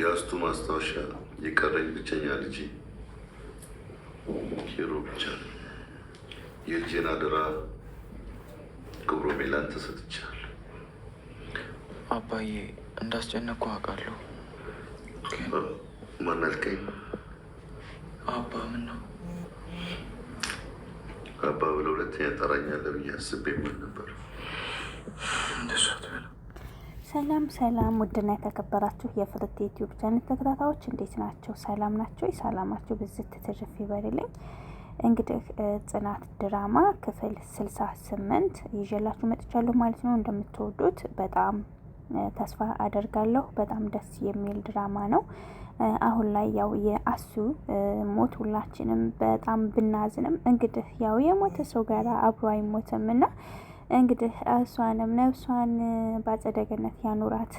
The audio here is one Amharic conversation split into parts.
የአስቱ ማስታወሻ የቀረኝ ብቸኛ ልጅ ሄሮ ብቻ የልጄን አደራ ክብሮ ሜላን ተሰጥቻል። አባዬ እንዳስጨነቅኩ አውቃለሁ። ማናልቀኝ አባ ምን ነው አባ ብለ ሁለተኛ ጠራኛለህ ብዬ አስቤ ነበር። ሰላም ሰላም፣ ውድና የተከበራችሁ የፍርት ዩቲዩብ ቻናል ተከታታዮች እንዴት ናቸው? ሰላም ናቸው? ሰላማችሁ ብዝት ትርፍ ይበልልኝ። እንግዲህ ጽናት ድራማ ክፍል ስልሳ ስምንት ይዤላችሁ መጥቻለሁ ማለት ነው። እንደምትወዱት በጣም ተስፋ አደርጋለሁ። በጣም ደስ የሚል ድራማ ነው። አሁን ላይ ያው የአሱ ሞት ሁላችንም በጣም ብናዝንም እንግዲህ ያው የሞተ ሰው ጋር አብሮ አይሞትም እና እንግዲህ እሷንም ነፍሷን ባጸደ ገነት ያኑራት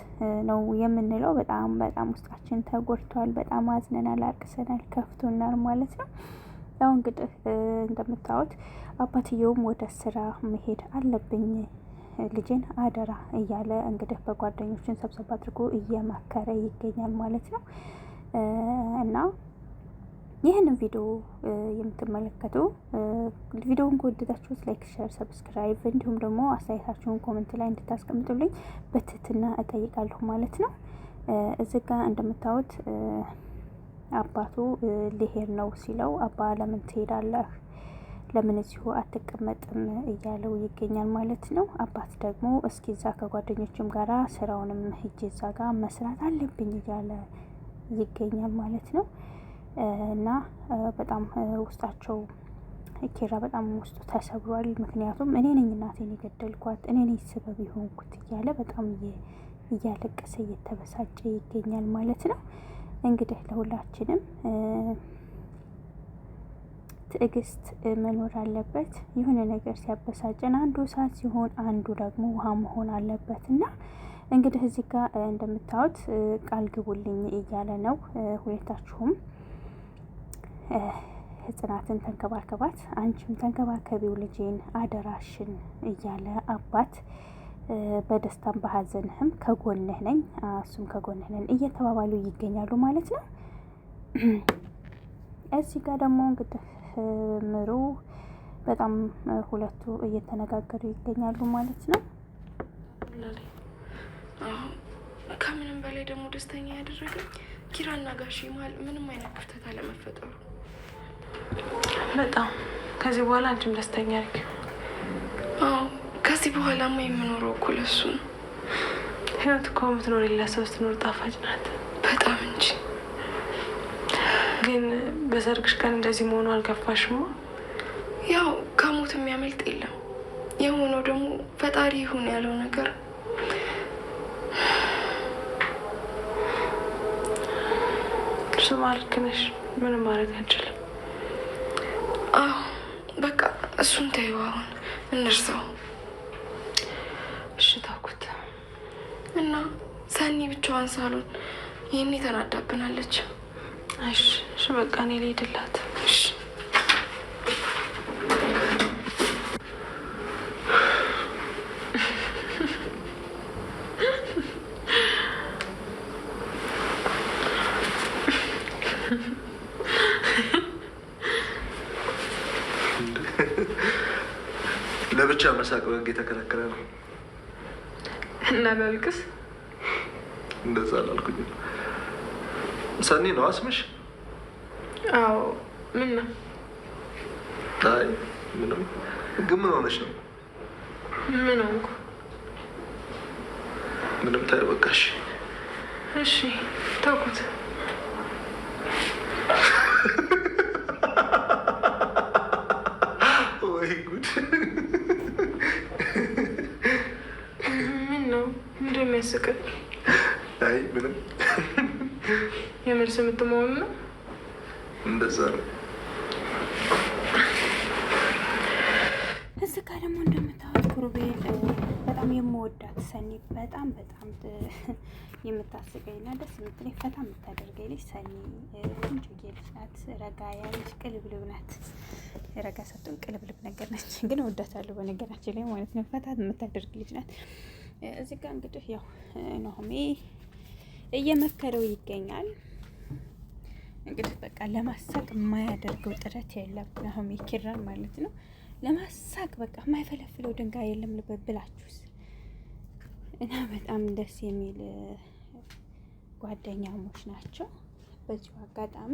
ነው የምንለው። በጣም በጣም ውስጣችን ተጎድቷል። በጣም አዝነናል፣ አርቅሰናል፣ ከፍቶናል ማለት ነው። ያው እንግዲህ እንደምታዩት አባትየውም ወደ ስራ መሄድ አለብኝ ልጅን አደራ እያለ እንግዲህ በጓደኞችን ሰብሰብ አድርጎ እየመከረ ይገኛል ማለት ነው እና ይህንን ቪዲዮ የምትመለከቱ ቪዲዮውን ከወደዳችሁት ላይክ፣ ሸር፣ ሰብስክራይብ እንዲሁም ደግሞ አስተያየታችሁን ኮመንት ላይ እንድታስቀምጡልኝ በትህትና እጠይቃለሁ ማለት ነው። እዚህ ጋ እንደምታዩት አባቱ ሊሄድ ነው ሲለው አባ ለምን ትሄዳለህ? ለምን እዚሁ አትቀመጥም? እያለው ይገኛል ማለት ነው። አባት ደግሞ እስኪ እዛ ከጓደኞችም ጋራ ስራውንም ህጅ እዛ ጋር መስራት አለብኝ እያለ ይገኛል ማለት ነው። እና በጣም ውስጣቸው ኬራ በጣም ውስጡ ተሰብሯል። ምክንያቱም እኔ ነኝ እናቴን የገደልኳት እኔ ነኝ ስበብ የሆንኩት እያለ በጣም እያለቀሰ እየተበሳጨ ይገኛል ማለት ነው። እንግዲህ ለሁላችንም ትዕግስት መኖር አለበት። የሆነ ነገር ሲያበሳጨን አንዱ እሳት ሲሆን፣ አንዱ ደግሞ ውሃ መሆን አለበት እና እንግዲህ እዚህ ጋር እንደምታዩት ቃል ግቡልኝ እያለ ነው ሁኔታችሁም። ህጽናትን ተንከባከባት፣ አንቺም ተንከባከቢው ልጄን አደራሽን እያለ አባት በደስታም በሀዘንህም ከጎንህ ነኝ፣ እሱም ከጎንህ ነን እየተባባሉ ይገኛሉ ማለት ነው። እዚህ ጋር ደግሞ እንግዲህ ምሩ በጣም ሁለቱ እየተነጋገሩ ይገኛሉ ማለት ነው። ከምንም በላይ ደግሞ ደስተኛ ያደረገኝ ኪራና ጋሽ መሀል ምንም አይነት ክፍተት አለመፈጠሩ በጣም ከዚህ በኋላ አንቺም ደስተኛ አድርጊው። አዎ ከዚህ በኋላማ የምኖረው እኮ ለሱ ነው። ህይወት እኮ የምትኖር የሌላ ሰው ስትኖር ጣፋጭ ናት። በጣም እንጂ። ግን በሰርግሽ ቀን እንደዚህ መሆኑ አልከፋሽማ? ያው ከሞት የሚያመልጥ የለም። የሆነው ደግሞ ፈጣሪ ይሁን ያለው ነገር እሱ ማልክ ነሽ። ምንም ማድረግ አንችልም። አዎ በቃ እሱን ተይው። አሁን እንርሰው። እሺ ታኩት እና ሰኒ ብቻዋን ሳሎን ይህኔ ተናዳብናለች። እሺ እሺ በቃ እኔ ልሄድላት። እሺ ብቻ መሳቅ በህግ የተከለከለ ነው እና በልቅስ እንደዛ አላልኩኝ። ሰኒ ነው አስምሽ? አዎ። ምን ነው? አይ ምንም። ግን ምን ሆነች ነው? ምን ሆንኩ? ምንም። ታይ በቃሽ። እሺ ተውኩት። ወይ ጉድ ምንድን ነው የሚያስቅህ? አይ ምንም። የመልስ የምትመሆኑ ነው። እንደዛ ነው። እዚህ ጋ ደግሞ እንደምታወት ጉሩቤል በጣም የምወዳት ሰኒ በጣም በጣም የምታስቀኝና ደስ የምትለኝ ፈታ የምታደርገኝ ልጅ ሰኒ ቆንጆዬ ልጅ ናት። ረጋ ያለች ቅልብልብ ናት። ረጋ ሳትሆን ቅልብልብ ነገር ነች፣ ግን እወዳታለሁ። በነገራችን ላይ ማለት ነው ፈታ የምታደርግ ልጅ ናት። እዚህ ጋር እንግዲህ ያው ኑሃሜ እየመከረው ይገኛል። እንግዲህ በቃ ለማሳቅ የማያደርገው ጥረት የለም ኑሃሜ ኪራን ማለት ነው። ለማሳቅ በቃ የማይፈለፍለው ድንጋይ የለም ልበ ብላችሁስ እና በጣም ደስ የሚል ጓደኛሞች ናቸው። በዚሁ አጋጣሚ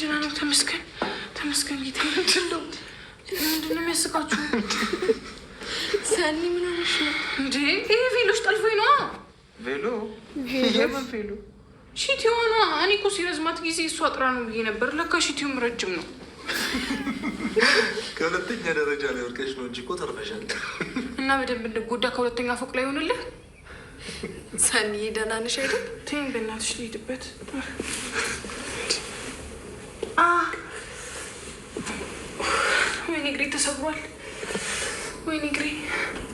ደህና ነው። ተመስገን ተመስገን። ጌታ ምንድን ነው ምንድን ነው የሚያስቃችሁ? ሰኒ ምን ሆነሽ ነው እንዴ? ይሄ ቬሎች ጠልፎኝ ነዋ። ቬሎ የምን ቬሎ? ሺቲ ሆና። እኔ እኮ ሲረዝማት ጊዜ እሷ አጥራ ነው ብዬ ነበር። ለካ ሺቲውም ረጅም ነው። ከሁለተኛ ደረጃ ላይ ወድቀሽ ነው እንጂ እኮ ተርፈሻል። እና በደንብ እንድጎዳ ከሁለተኛ ፎቅ ላይ ይሆንልህ። ሰኒ ደህና ነሽ አይደል? ትይኝ በእናትሽ ልሂድበት Ah. Mi negrito es igual. Mi negrito.